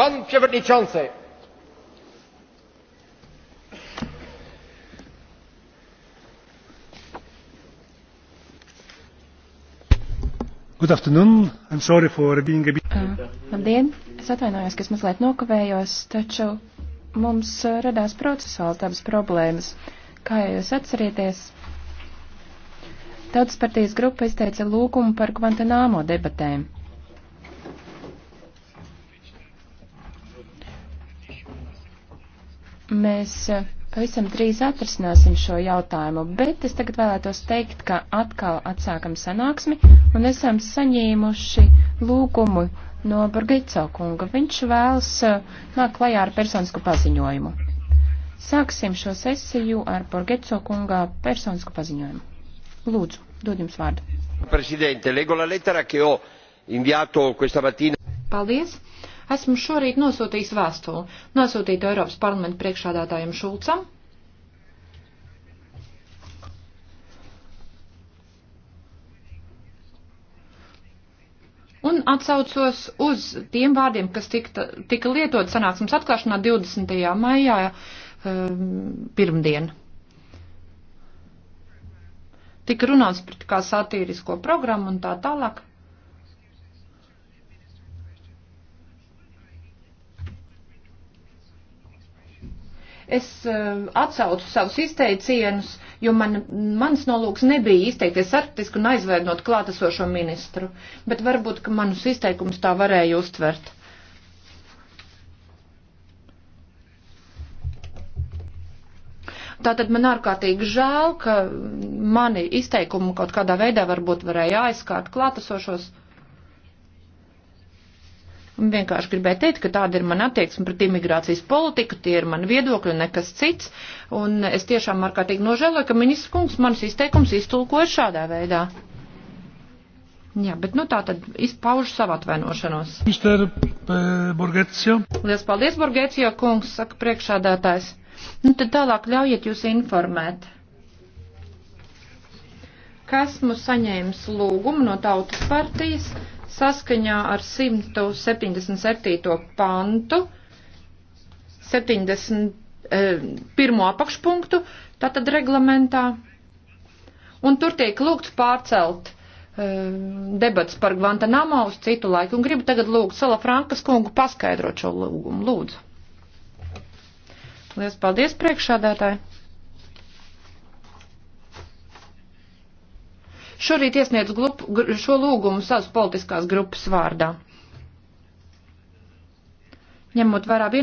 Pan przewodniczący. Good afternoon. I'm sorry for being a bit... Uh, labdien! Es atvainojos, ka es mazliet nokavējos, taču mums eh, radās procesuāls tādas problēmas. Kā jūs atcerieties, Tautas partijas grupa izteica lūgumu par Kvantanāmo debatēm. mēs eh, pavisam drīz atrasināsim šo jautājumu, bet es tagad vēlētos teikt, ka atkal atsākam sanāksmi un esam saņēmuši lūgumu no Burgico kunga. Viņš vēlas eh, nāk klajā ar personisku paziņojumu. Sāksim šo sesiju ar Burgico kunga personisku paziņojumu. Lūdzu, dod jums vārdu. Presidente, leggo la lettera che ho inviato questa mattina. Paldies. Esmu šorīt nosūtījis vēstuli, nosūtītu Eiropas parlamenta priekšādātājiem Šulcam. Un atsaucos uz tiem vārdiem, kas tika, tika lietot sanāksmes atklāšanā 20. maijā um, pirmdien tika runāts par kā satīrisko programmu un tā tālāk. es uh, atsaucu savus izteicienus, jo man, mans nolūks nebija izteikties arktiski un aizvainot klātesošo ministru, bet varbūt, ka manus izteikumus tā varēja uztvert. Tātad man ārkārtīgi žēl, ka mani izteikumu kaut kādā veidā varbūt varēja aizskārt klātesošos. Un vienkārši gribēju teikt, ka tāda ir mana attieksme pret imigrācijas politiku, tie ir mani viedokļi un nekas cits. Un es tiešām ārkārtīgi nožēloju, ka ministrs kungs manas izteikums iztulkoja šādā veidā. Jā, bet nu tā tad izpauž savu atvainošanos. Mister eh, Borgetsio. Lielas paldies, Borgetsio kungs, saka priekšādātājs. Nu tad tālāk ļaujiet jūs informēt. Kas mums nu saņēmis lūgumu no tautas partijas? Saskaņā ar 177. pantu 71. Eh, apakšpunktu, tātad reglamentā, un tur tiek lūgts pārcelt eh, debats par Guantanamo uz citu laiku, un gribu tagad lūgt Sala Frankas kungu paskaidrot šo lūgumu. Lūdzu. Lielas paldies priekšādātāji! Šorīt iesniedz glup, šo lūgumu savas politiskās grupas vārdā. Ņemot vērā